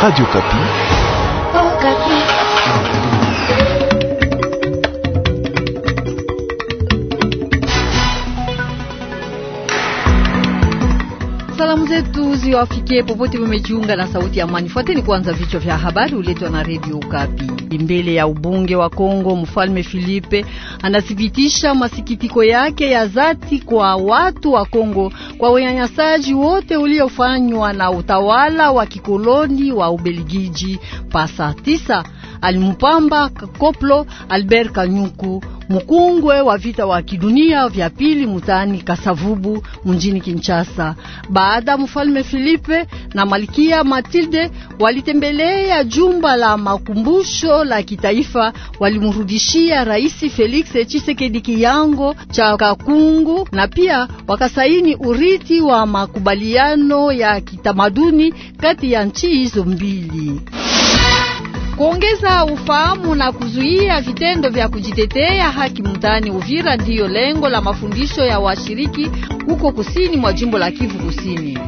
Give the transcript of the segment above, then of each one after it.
Radio Kapi. Salamu zetu ziwafikie popote mumejiunga na Sauti ya Amani. Fuateni kwanza vichwa vya habari uletwa na Redio ukapi Mbele ya ubunge wa Kongo, Mfalme Filipe anathibitisha masikitiko yake ya dhati kwa watu wa Kongo kwa unyanyasaji wote uliofanywa na utawala wa kikoloni wa Ubelgiji. Pasa tisa alimpamba Koplo Albert Kanyuku, mkungwe wa vita wa kidunia vya pili mutani Kasavubu mjini Kinshasa. Baada mfalme Filipe na malikia Matilde walitembelea jumba la makumbusho la kitaifa, walimurudishia Rais Felix Tshisekedi kiyango cha Kakungu na pia wakasaini urithi wa makubaliano ya kitamaduni kati ya nchi hizo mbili. Kuongeza ufahamu na kuzuia vitendo vya kujitetea haki mtaani Uvira ndiyo lengo la mafundisho ya washiriki huko kusini mwa jimbo la Kivu Kusini.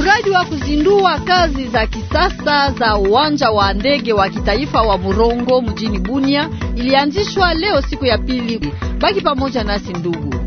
Mradi wa kuzindua kazi za kisasa za uwanja wa ndege wa kitaifa wa Murongo mjini Bunia ilianzishwa leo siku ya pili. Baki pamoja nasi ndugu.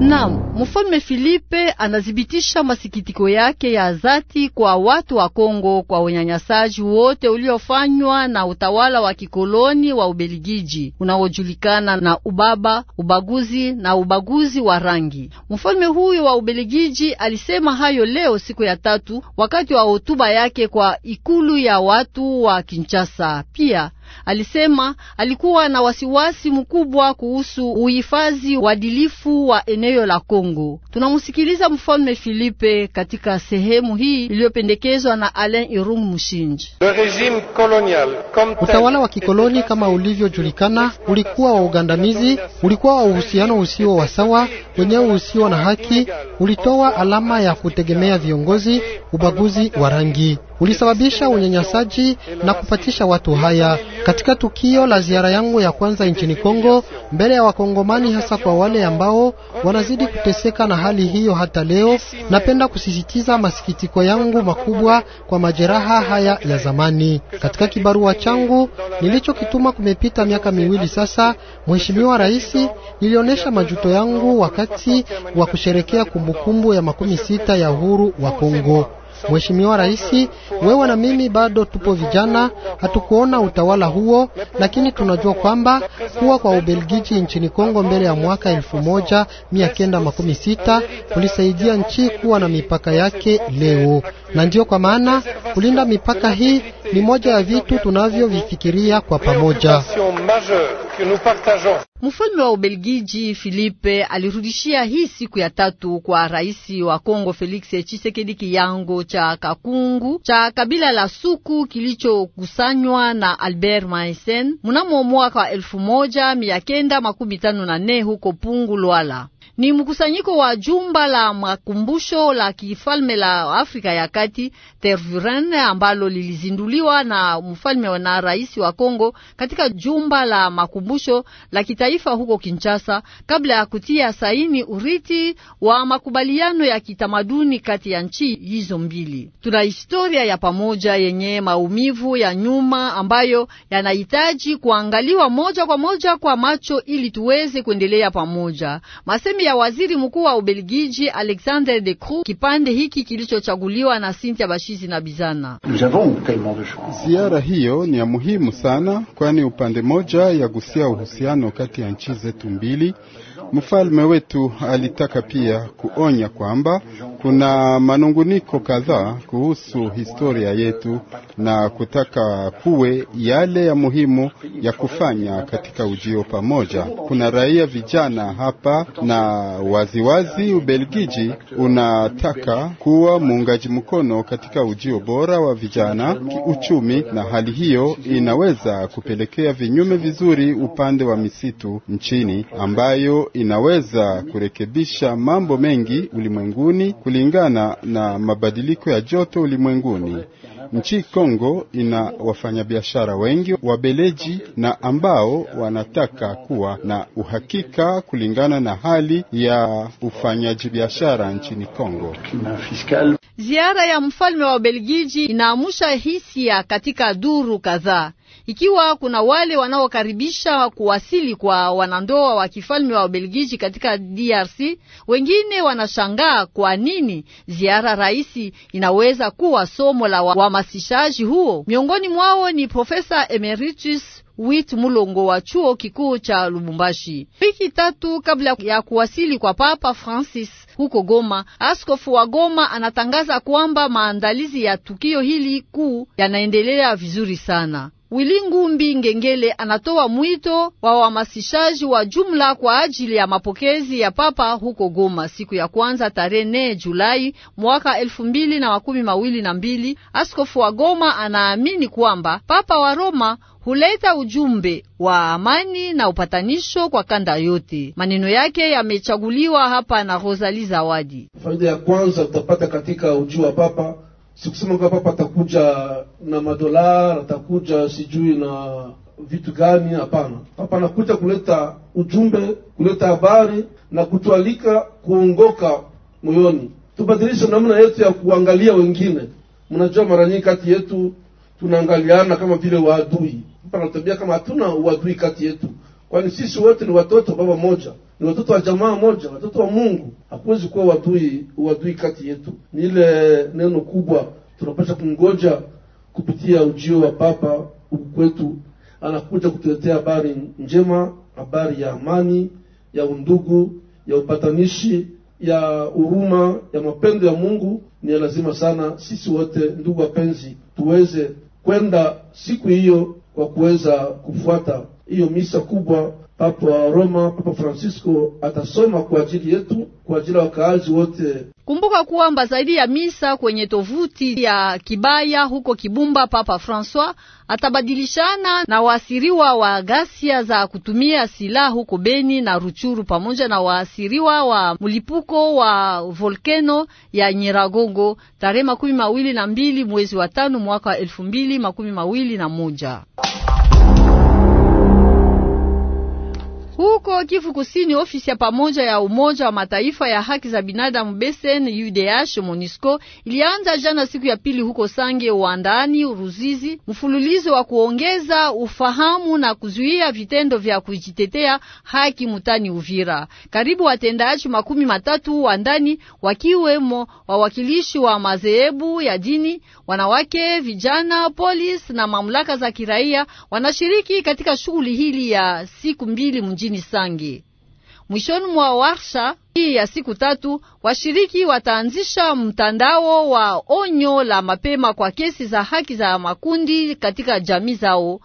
Naam, Mfalme Filipe anazibitisha masikitiko yake ya dhati kwa watu wa Kongo kwa unyanyasaji wote uliofanywa na utawala wa kikoloni wa Ubelgiji unaojulikana na ubaba, ubaguzi na ubaguzi wa rangi. Mfalme huyo wa Ubelgiji alisema hayo leo siku ya tatu wakati wa hotuba yake kwa ikulu ya watu wa Kinshasa. Pia Alisema alikuwa na wasiwasi mkubwa kuhusu uhifadhi uadilifu wa eneo la Kongo. Tunamsikiliza Mfalme Filipe katika sehemu hii iliyopendekezwa na Alain Irung Mushinji. Utawala wa kikoloni kama ulivyojulikana ulikuwa wa ugandamizi, ulikuwa wa uhusiano usio wa sawa, wenyewe usio na haki, ulitoa alama ya kutegemea viongozi, ubaguzi wa rangi ulisababisha unyanyasaji na kupatisha watu haya. Katika tukio la ziara yangu ya kwanza nchini Kongo mbele ya Wakongomani, hasa kwa wale ambao wanazidi kuteseka na hali hiyo hata leo, napenda kusisitiza masikitiko yangu makubwa kwa majeraha haya ya zamani. Katika kibarua changu nilichokituma, kumepita miaka miwili sasa, Mheshimiwa Rais, nilionyesha majuto yangu wakati wa kusherekea kumbukumbu ya makumi sita ya uhuru wa Kongo. Mheshimiwa Rais, wewe na mimi bado tupo vijana, hatukuona utawala huo, lakini tunajua kwamba kuwa kwa Ubelgiji nchini Kongo mbele ya mwaka elfu moja mia kenda makumi sita kulisaidia nchi kuwa na mipaka yake leo, na ndiyo kwa maana kulinda mipaka hii ni moja ya vitu tunavyovifikiria kwa pamoja. Mfalme wa Ubelgiji Filipe alirudishia hii siku ya tatu kwa rais wa Kongo Felix Tshisekedi kiyango cha kakungu cha kabila la Suku kilichokusanywa na Albert maisen mnamo mwaka wa elfu moja mia kenda makumi tano na nne huko Pungu Lwala. Ni mkusanyiko wa jumba la makumbusho la kifalme la Afrika ya Kati Tervuren ambalo lilizinduliwa na mfalme na rais wa Kongo katika jumba la makumbusho la kitaifa huko Kinshasa kabla ya kutia saini uriti wa makubaliano ya kitamaduni kati ya nchi hizo mbili. Tuna historia ya pamoja yenye maumivu ya nyuma ambayo yanahitaji kuangaliwa moja kwa moja kwa macho ili tuweze kuendelea pamoja. Mase masemi ya waziri mkuu wa Ubelgiji Alexander De Croo, kipande hiki kilichochaguliwa na Cynthia Bashizi na Bizana. Ziara hiyo ni ya muhimu sana, kwani upande moja ya gusia uhusiano kati ya nchi zetu mbili Mfalme wetu alitaka pia kuonya kwamba kuna manunguniko kadhaa kuhusu historia yetu na kutaka kuwe yale ya muhimu ya kufanya katika ujio pamoja. Kuna raia vijana hapa na waziwazi, Ubelgiji unataka kuwa muungaji mkono katika ujio bora wa vijana kiuchumi, na hali hiyo inaweza kupelekea vinyume vizuri upande wa misitu nchini ambayo inaweza kurekebisha mambo mengi ulimwenguni kulingana na mabadiliko ya joto ulimwenguni. Nchi Kongo ina wafanyabiashara wengi wabeleji na ambao wanataka kuwa na uhakika kulingana na hali ya ufanyaji biashara nchini Kongo. Ziara ya mfalme wa Ubelgiji inaamusha hisia katika duru kadhaa, ikiwa kuna wale wanaokaribisha kuwasili kwa wanandoa wa kifalme wa Ubelgiji katika DRC. Wengine wanashangaa kwa nini ziara rais inaweza kuwa somo la uhamasishaji huo. Miongoni mwao ni Profesa Emeritus Wit Mulongo wa chuo kikuu cha Lubumbashi. Wiki tatu kabla ya kuwasili kwa Papa Francis huko Goma. Askofu wa Goma anatangaza kwamba maandalizi ya tukio hili kuu yanaendelea vizuri sana. Wilingu Mbi Ngengele anatoa mwito wa wamasishaji wa jumla kwa ajili ya mapokezi ya Papa huko Goma siku ya kwanza tarehe nne Julai mwaka elfu mbili na makumi mawili na mbili. Askofu wa Goma anaamini kwamba Papa wa Roma huleta ujumbe wa amani na upatanisho kwa kanda yote. Maneno yake yamechaguliwa hapa na Rosalie Zawadi. Faida ya kwanza utapata katika ujio wa Papa sikusema kwa papa atakuja na madolar, atakuja sijui na vitu gani. Hapana, papa anakuja kuleta ujumbe, kuleta habari na kutualika kuongoka moyoni, tubadilishe namna yetu ya kuangalia wengine. Mnajua, mara nyingi kati yetu tunaangaliana kama vile waadui. papa natabia kama hatuna uadui kati yetu kwani sisi wote ni watoto baba moja, ni watoto wa jamaa moja, watoto wa Mungu. Hakuwezi kuwa wadui wadui kati yetu. Ni ile neno kubwa tunapasha kungoja kupitia ujio wa Papa huku kwetu, anakuja kutuletea habari njema, habari ya amani, ya undugu, ya upatanishi, ya huruma, ya mapendo ya Mungu. Ni lazima sana sisi wote, ndugu wapenzi, tuweze kwenda siku hiyo kwa kuweza kufuata hiyo misa kubwa Papa Roma, Papa Francisco atasoma kwa ajili yetu, kwa ajili ya wakaazi wote. Kumbuka kwamba zaidi ya misa kwenye tovuti ya Kibaya huko Kibumba, Papa Francois atabadilishana na waasiriwa wa ghasia za kutumia silaha huko Beni na Ruchuru, pamoja na waasiriwa wa mlipuko wa volkeno ya Nyiragongo tarehe makumi mawili na mbili mwezi wa tano mwaka elfu mbili makumi mawili na moja. Huko Kivu Kusini, ofisi ya pamoja ya Umoja wa Mataifa ya haki za binadamu BCN UDH MONUSCO ilianza jana siku ya pili huko Sange Uandani uruzizi mfululizo wa kuongeza ufahamu na kuzuia vitendo vya kujitetea haki mutani Uvira. Karibu watendaji makumi matatu wa ndani, wakiwemo wawakilishi wa madhehebu ya dini, wanawake, vijana, polisi na mamlaka za kiraia wanashiriki katika shughuli hili ya siku mbili mjini mjini Mwishoni mwa warsha hii ya siku tatu, washiriki wataanzisha mtandao wa onyo la mapema kwa kesi za haki za makundi katika jamii zao.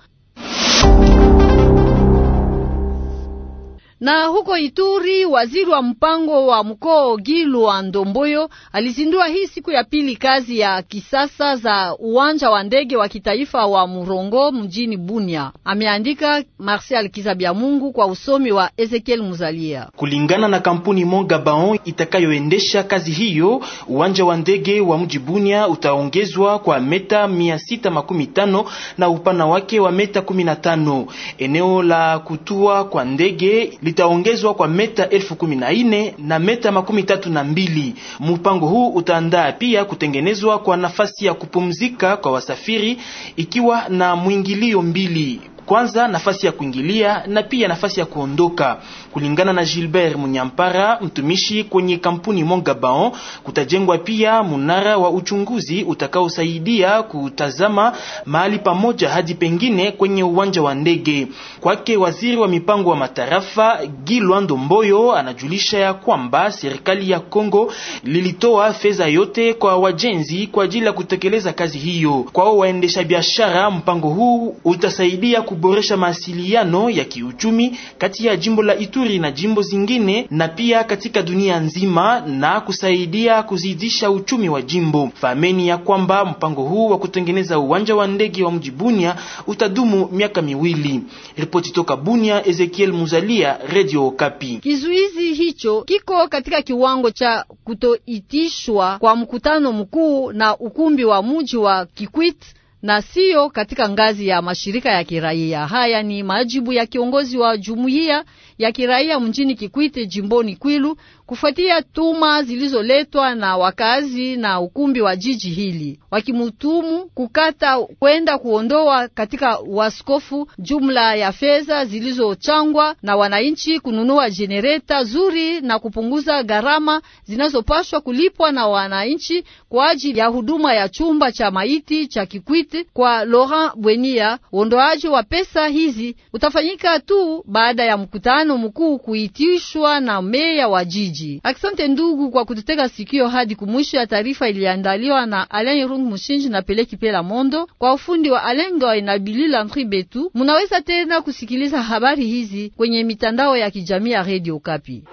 Na huko Ituri, waziri wa mpango wa mkoa wa Ndomboyo alizindua hii siku ya pili kazi ya kisasa za uwanja wa ndege wa kitaifa wa Murongo mjini Bunia. Ameandika Kizabia Kizabiamungu kwa usomi wa Ezekiel Muzalia. Kulingana na kampuni Monga Baon itakayoendesha kazi hiyo, uwanja wa ndege wa mji Bunia utaongezwa kwa meta 615 na upana wake wa meta 15. Eneo la kutua kwa ndege litaongezwa kwa meta elfu kumi na ine na meta makumi tatu na mbili. Mpango huu utaandaa pia kutengenezwa kwa nafasi ya kupumzika kwa wasafiri ikiwa na mwingilio mbili kwanza nafasi ya kuingilia na pia nafasi ya kuondoka. Kulingana na Gilbert Munyampara, mtumishi kwenye kampuni Mongabao, kutajengwa pia munara wa uchunguzi utakaosaidia kutazama mahali pamoja hadi pengine kwenye uwanja wa ndege. Kwake waziri wa mipango wa matarafa Gilwando Mboyo anajulisha ya kwamba serikali ya Kongo lilitoa fedha yote kwa wajenzi kwa ajili ya kutekeleza kazi hiyo. Kwao waendesha biashara, mpango huu utasaidia ku kuboresha maasiliano ya kiuchumi kati ya jimbo la Ituri na jimbo zingine na pia katika dunia nzima na kusaidia kuzidisha uchumi wa jimbo. Fahameni ya kwamba mpango huu wa kutengeneza uwanja wa ndege wa mji Bunia utadumu miaka miwili. Ripoti toka Bunia, Ezekiel Muzalia, Radio Okapi. Kizuizi hicho kiko katika kiwango cha kutoitishwa kwa mkutano mkuu na ukumbi wa mji wa Kikwit na siyo katika ngazi ya mashirika ya kiraia. Haya ni majibu ya kiongozi wa jumuiya ya kiraia mjini Kikwite jimboni Kwilu kufuatia tuma zilizoletwa na wakazi na ukumbi wa jiji hili wakimutumu kukata kwenda kuondoa katika waskofu jumla ya fedha zilizochangwa na wananchi kununua jenereta zuri na kupunguza gharama zinazopashwa kulipwa na wananchi kwa ajili ya huduma ya chumba cha maiti cha Kikwiti. Kwa Laurent Bwenia, uondoaji wa pesa hizi utafanyika tu baada ya mkutano mkuu kuitishwa na meya wa jiji miji. Asante ndugu kwa kututega sikio hadi kumwisho ya taarifa iliandaliwa na Alain rung Mushinji na Peleki Pela Mondo kwa ufundi wa Alenga na Landri Betu. Munaweza tena kusikiliza habari hizi kwenye mitandao ya kijamii ya Radio Kapi.